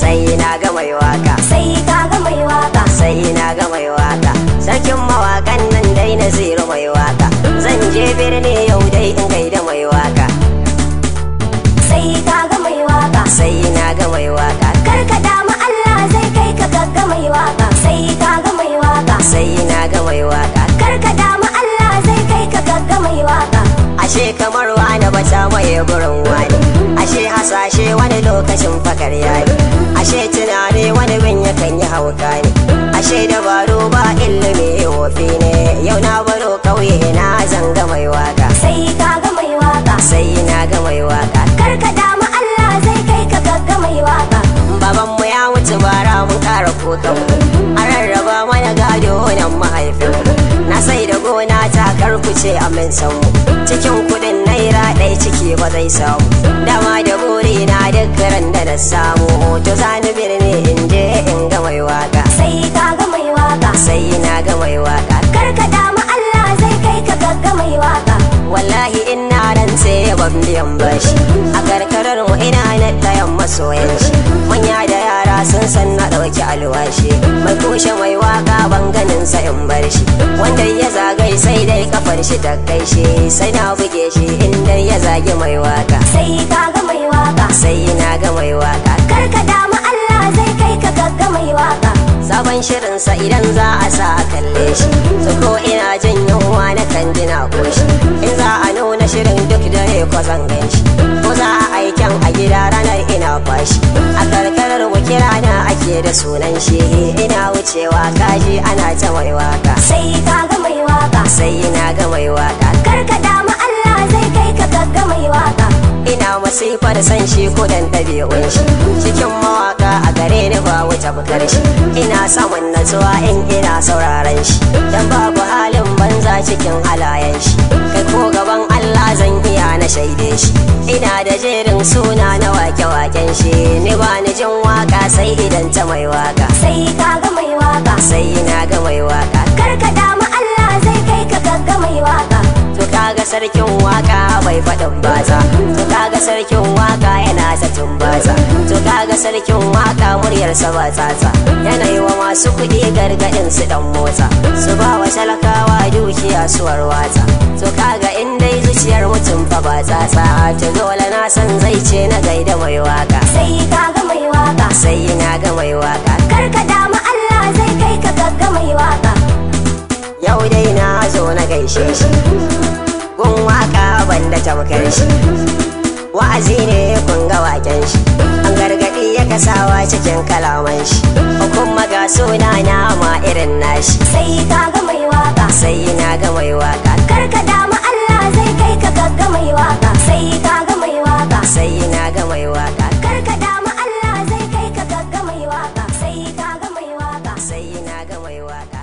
sai na ga mai waka sai ka ga mai waka sai na ga mai waka sarkin mawakan nan dai na zira mai waka zan je birni yau dai in da mai waka sai ka ga mai waka sai na ga mai waka kar ka damu Allah zai kai ka ga mai waka sai ka ga mai waka sai na ga mai waka kar ka damu Allah zai kai ka ga mai waka ashe kamar wani ba ta mai gurin wani ashe hasashe wani lokacin fakar yayi ashe tunare wani bin ya kan yi hauka ne ashe dabaru ba ilimi wofi ne yau na baro kauye na ga mai waka sai ka ga mai waka sai na ga mai waka kar ka dama Allah zai kai ka ga mai waka baban mu ya wuce bara mun kara kokan a rarraba mana gado nan mahaifin na sai da gona ta karkuce a min samu cikin kudin naira ɗaya ciki ba zai samu da samu hoto zani birni in je in ga mai waka sai ka ga mai waka sai na ga mai waka ka ma Allah zai kai ka ga mai waka wallahi ina ran sai ban biyan bashi a karkarar mu ina na tayan masoyan shi manya da yara sun san na dauki alwashi mai kushe mai waka ban ganin sa in bar shi wanda ya zagai sai dai kafar shi ta kai shi sai na buge shi inda ya zagi mai waka sai ka ga mai waka sai na ga mai waka karka damu Allah zai kai ka gagga mai waka sabon shirinsa idan za a sa a kalle shi su ko ina jin yunwa na kan dina koshi in za a nuna shirin duk dare ko zan shi. ko za a aikin a gida ranar ina kwashi a karkarar wakira na ake da sunan shi ina wucewa kaji ana ta mai waka sai ka ga mai waka sai na ga mai waka karka damu fara san shi ko dan ɗabi'un shi cikin mawaka a gare ni ba wuce bukar shi ina samun natsuwa in ina sauraron shi dan babu halin banza cikin halayen shi kai ko gaban Allah zan iya na shaide shi ina da jerin suna na wake-waken shi ni ba ni jin waka sai idan ta mai waka sai ka ga mai waka sai ina ga mai waka kar ka damu Allah zai kai ka ga mai waka to kaga sarkin waka bai faɗin baza to ta batsa to kaga sarkin waka muryarsa ba tsatsa yi wa masu kuɗi gargaɗin su dan motsa su ba wa talakawa dukiya suwar watsa to kaga in dai zuciyar mutum fa ba tsatsa to dole na san zai ce na gaida mai waka sai ka ga mai waka sai na ga mai waka ka damu Allah zai kai ka gagga mai waka yau dai na zo na gaishe shi gun waka banda tamkar shi wa'azi ne ya ga waken shi an gargadi ya kasawa cikin kalaman shi hukun maga suna na ma irin nashi sai ka ga mai waka sai na ga mai waka karka dama Allah zai kai ka ga mai waka sai ka ga mai waka sai na ga mai waka karka dama Allah zai kai ka ga mai waka sai ka ga mai waka sai na ga mai waka